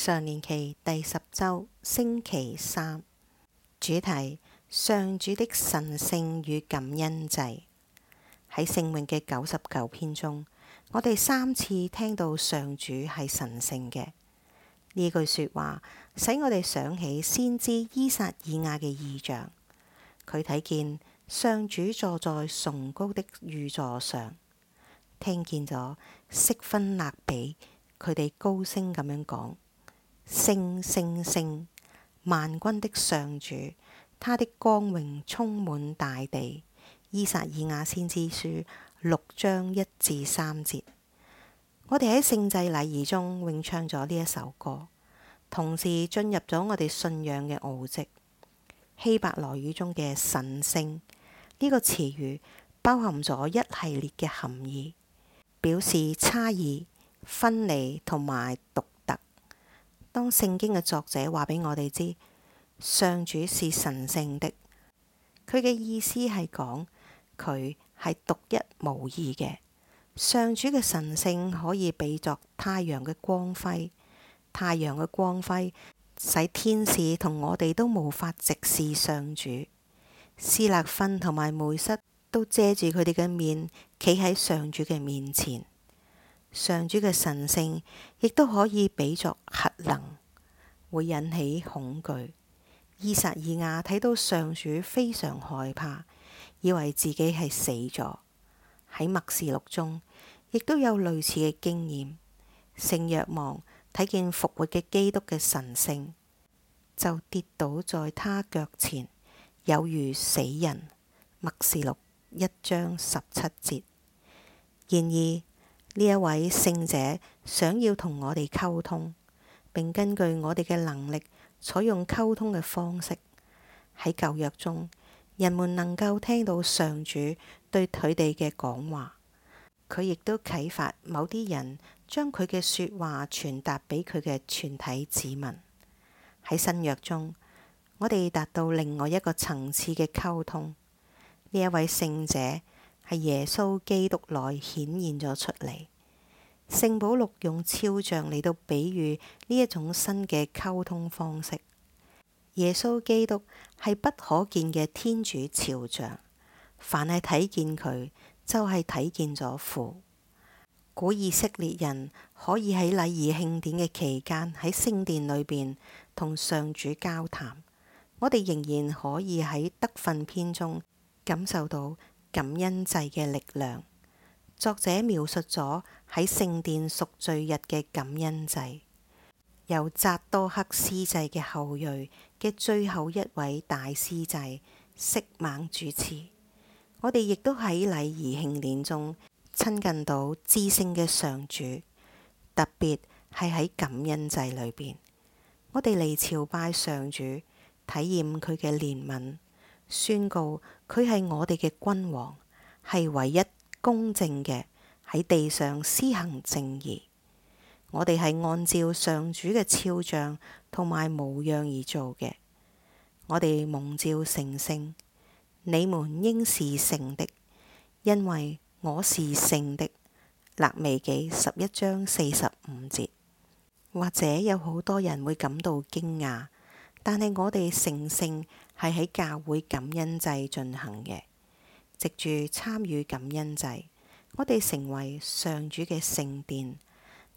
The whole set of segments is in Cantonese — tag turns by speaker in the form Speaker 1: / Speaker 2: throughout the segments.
Speaker 1: 常年期第十周星期三，主題：上主的神聖與感恩祭。喺聖詠嘅九十九篇中，我哋三次聽到上主係神聖嘅呢句說話，使我哋想起先知依撒意亞嘅意象。佢睇見上主坐在崇高的御座上，聽見咗色辣芬彼此佢哋高聲咁樣講。聖聖聖，萬軍的上主，他的光榮充滿大地。《依撒意亞先知書》六章一至三節。我哋喺聖祭禮儀中詠唱咗呢一首歌，同時進入咗我哋信仰嘅奧蹟。希伯來語中嘅神聖呢個詞語包含咗一系列嘅含義，表示差異、分離同埋獨。當聖經嘅作者話俾我哋知，上主是神聖的，佢嘅意思係講佢係獨一無二嘅。上主嘅神聖可以比作太陽嘅光輝，太陽嘅光輝使天使同我哋都無法直視上主。色辣芬同埋梅瑟都遮住佢哋嘅面，企喺上主嘅面前。上主嘅神聖亦都可以比作核能。會引起恐懼。依撒意亞睇到上主，非常害怕，以為自己係死咗。喺默示錄中，亦都有類似嘅經驗。聖若望睇見復活嘅基督嘅神聖，就跌倒在他腳前，有如死人。默示錄一章十七節。然而呢一位聖者想要同我哋溝通。並根據我哋嘅能力，採用溝通嘅方式。喺舊約中，人們能夠聽到上主對佢哋嘅講話，佢亦都啟發某啲人將佢嘅說話傳達俾佢嘅全體子民。喺新約中，我哋達到另外一個層次嘅溝通。呢一位聖者係耶穌基督內顯現咗出嚟。聖保祿用肖像嚟到比喻呢一種新嘅溝通方式。耶穌基督係不可見嘅天主肖像，凡係睇見佢，就係、是、睇見咗父。古以色列人可以喺禮儀慶典嘅期間喺聖殿裏邊同上主交談，我哋仍然可以喺德訓篇中感受到感恩祭嘅力量。作者描述咗喺聖殿贖罪日嘅感恩祭，由匝多克司祭嘅後裔嘅最後一位大司祭息孟主持。我哋亦都喺禮儀慶典中親近到至聖嘅上主，特別係喺感恩祭裏邊，我哋嚟朝拜上主，體驗佢嘅憐憫，宣告佢係我哋嘅君王，係唯一，公正嘅，喺地上施行正義，我哋係按照上主嘅肖像同埋模樣而做嘅。我哋蒙召成聖，你們應是聖的，因為我是聖的。肋未紀十一章四十五節，或者有好多人會感到驚訝，但係我哋成聖係喺教會感恩祭進行嘅。藉住參與感恩祭，我哋成為上主嘅聖殿，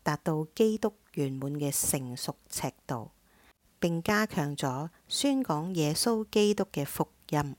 Speaker 1: 達到基督圓滿嘅成熟尺度，並加強咗宣講耶穌基督嘅福音。